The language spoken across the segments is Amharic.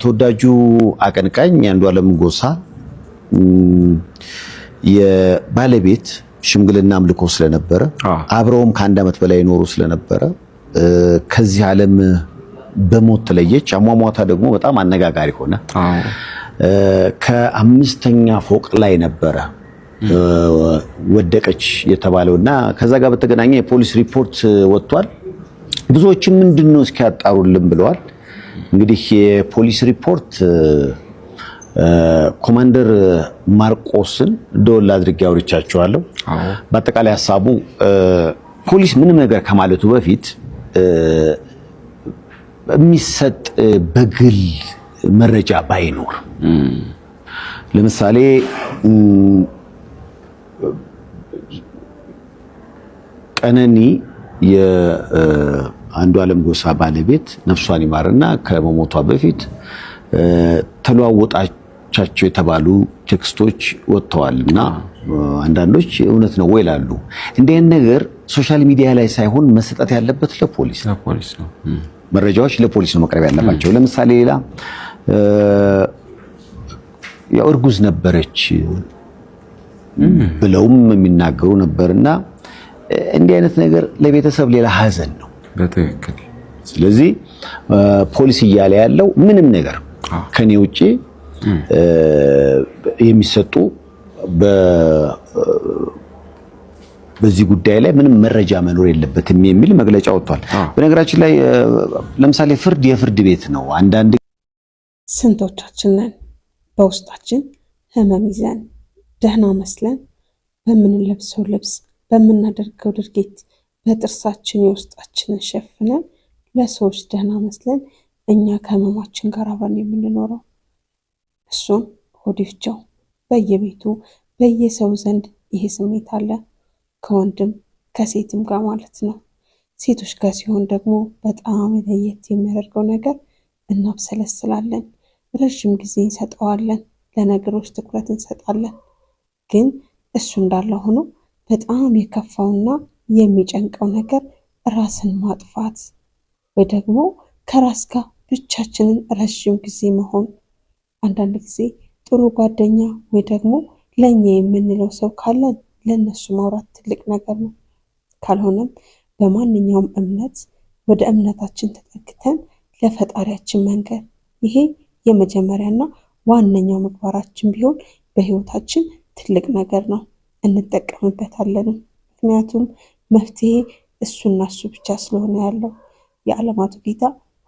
ተወዳጁ አቀንቃኝ አንዷለም ጎሳ የባለቤት ሽምግልና አምልኮ ስለነበረ አብረውም ከአንድ ዓመት በላይ ኖሮ ስለነበረ ከዚህ ዓለም በሞት ተለየች። አሟሟታ ደግሞ በጣም አነጋጋሪ ሆነ። ከአምስተኛ ፎቅ ላይ ነበረ ወደቀች የተባለው እና ከዛ ጋር በተገናኘ የፖሊስ ሪፖርት ወጥቷል። ብዙዎችም ምንድን ነው እስኪያጣሩልን ብለዋል። እንግዲህ የፖሊስ ሪፖርት ኮማንደር ማርቆስን ደወል አድርጌ አውርቻቸዋለሁ። በአጠቃላይ ሀሳቡ ፖሊስ ምንም ነገር ከማለቱ በፊት የሚሰጥ በግል መረጃ ባይኖር፣ ለምሳሌ ቀነኒ አንዱ አለም ጎሳ ባለቤት ነፍሷን ይማርና ከመሞቷ በፊት ተለዋወጣቻቸው የተባሉ ቴክስቶች ወጥተዋል እና አንዳንዶች እውነት ነው ወይ ይላሉ። እንዲህ ነገር ሶሻል ሚዲያ ላይ ሳይሆን መሰጠት ያለበት ለፖሊስ ነው። መረጃዎች ለፖሊስ ነው መቅረብ ያለባቸው። ለምሳሌ ሌላ ያው እርጉዝ ነበረች ብለውም የሚናገሩ ነበርና እንዲህ አይነት ነገር ለቤተሰብ ሌላ ሀዘን ነው። በትክክል ስለዚህ ፖሊስ እያለ ያለው ምንም ነገር ከኔ ውጭ የሚሰጡ በዚህ ጉዳይ ላይ ምንም መረጃ መኖር የለበትም የሚል መግለጫ ወጥቷል። በነገራችን ላይ ለምሳሌ ፍርድ የፍርድ ቤት ነው። አንዳንድ ስንቶቻችን ነን በውስጣችን ህመም ይዘን ደህና መስለን በምንለብሰው ልብስ በምናደርገው ድርጊት በጥርሳችን የውስጣችንን ሸፍነን ለሰዎች ደህና መስለን እኛ ከህመማችን ጋር አብረን የምንኖረው እሱም ሆዲፍቸው በየቤቱ በየሰው ዘንድ ይሄ ስሜት አለ፣ ከወንድም ከሴትም ጋር ማለት ነው። ሴቶች ጋር ሲሆን ደግሞ በጣም ለየት የሚያደርገው ነገር እናብሰለስላለን፣ ረዥም ጊዜ እንሰጠዋለን፣ ለነገሮች ትኩረት እንሰጣለን። ግን እሱ እንዳለ ሆኖ በጣም የከፋውና የሚጨንቀው ነገር ራስን ማጥፋት ወይ ደግሞ ከራስ ጋር ብቻችንን ረዥም ጊዜ መሆን። አንዳንድ ጊዜ ጥሩ ጓደኛ ወይ ደግሞ ለእኛ የምንለው ሰው ካለን ለእነሱ ማውራት ትልቅ ነገር ነው። ካልሆነም በማንኛውም እምነት ወደ እምነታችን ተጠግተን ለፈጣሪያችን መንገር፣ ይሄ የመጀመሪያና ዋነኛው ምግባራችን ቢሆን በህይወታችን ትልቅ ነገር ነው፣ እንጠቀምበታለንም ምክንያቱም መፍትሄ እሱና እሱ ብቻ ስለሆነ ያለው የዓለማቱ ጌታ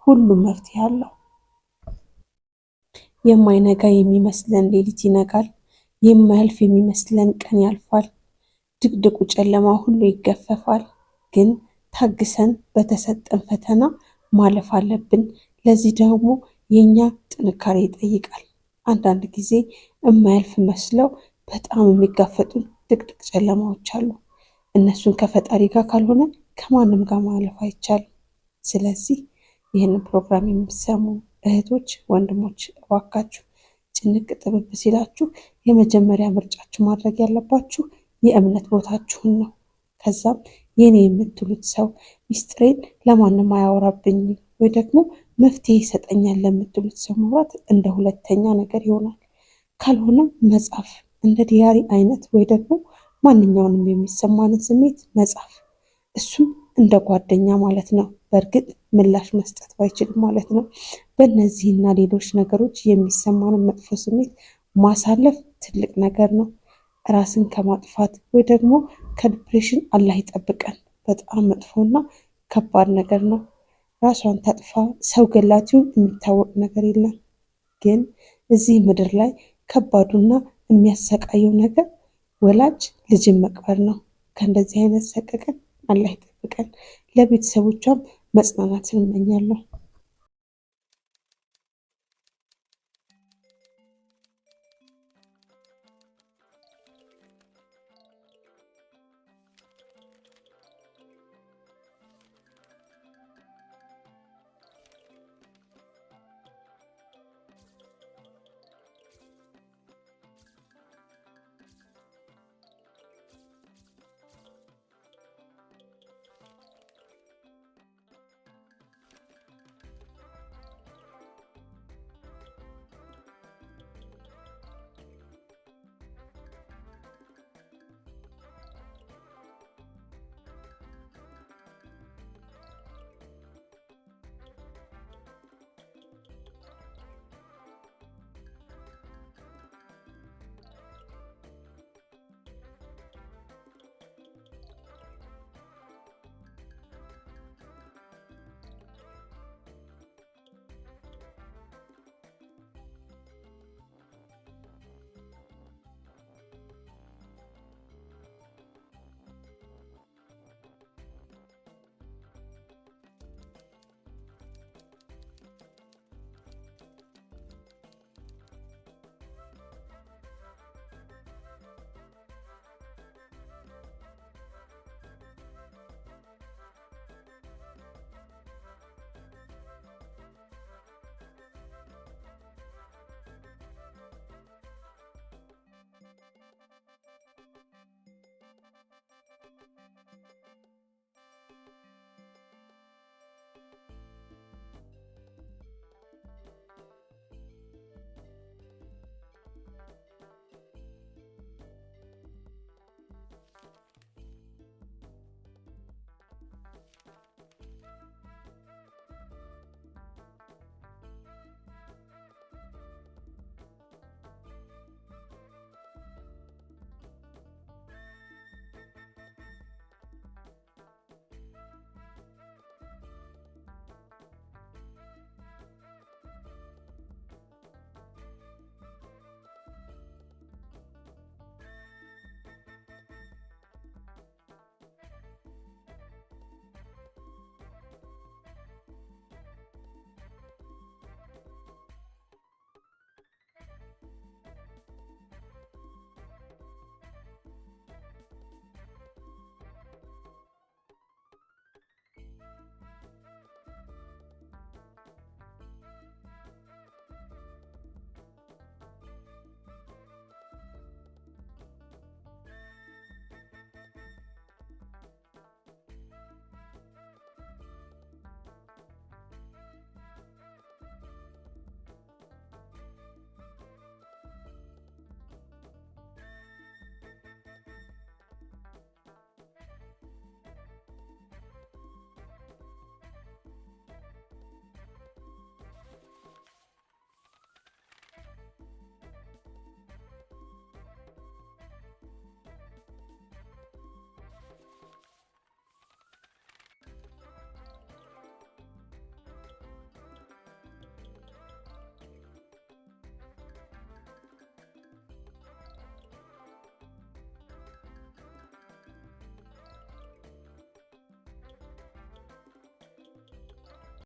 ሁሉም መፍትሄ አለው። የማይነጋ የሚመስለን ሌሊት ይነጋል። የማያልፍ የሚመስለን ቀን ያልፋል። ድቅድቁ ጨለማ ሁሉ ይገፈፋል። ግን ታግሰን በተሰጠን ፈተና ማለፍ አለብን። ለዚህ ደግሞ የእኛ ጥንካሬ ይጠይቃል። አንዳንድ ጊዜ የማያልፍ መስለው በጣም የሚጋፈጡን ድቅድቅ ጨለማዎች አሉ። እነሱን ከፈጣሪ ጋር ካልሆነ ከማንም ጋር ማለፍ አይቻልም። ስለዚህ ይህንን ፕሮግራም የሚሰሙ እህቶች፣ ወንድሞች እባካችሁ ጭንቅ ጥብብ ሲላችሁ የመጀመሪያ ምርጫችሁ ማድረግ ያለባችሁ የእምነት ቦታችሁን ነው። ከዛም የኔ የምትሉት ሰው ሚስጥሬን ለማንም አያወራብኝ ወይ ደግሞ መፍትሄ ይሰጠኛል ለምትሉት ሰው ማውራት እንደ ሁለተኛ ነገር ይሆናል። ካልሆነም መጽሐፍ እንደ ዲያሪ አይነት ወይ ደግሞ ማንኛውንም የሚሰማንን ስሜት መጻፍ እሱም እንደ ጓደኛ ማለት ነው። በእርግጥ ምላሽ መስጠት ባይችልም ማለት ነው። በእነዚህና ሌሎች ነገሮች የሚሰማንን መጥፎ ስሜት ማሳለፍ ትልቅ ነገር ነው። ራስን ከማጥፋት ወይ ደግሞ ከዲፕሬሽን አላህ ይጠብቀን። በጣም መጥፎና ከባድ ነገር ነው። ራሷን ታጥፋ ሰው ገላቲውን የሚታወቅ ነገር የለም። ግን እዚህ ምድር ላይ ከባዱና የሚያሰቃየው ነገር ወላጅ ልጅን መቅበር ነው። ከእንደዚህ አይነት ሰቀቀን አላህ ይጠብቀን። ለቤተሰቦቿም መጽናናትን እመኛለሁ።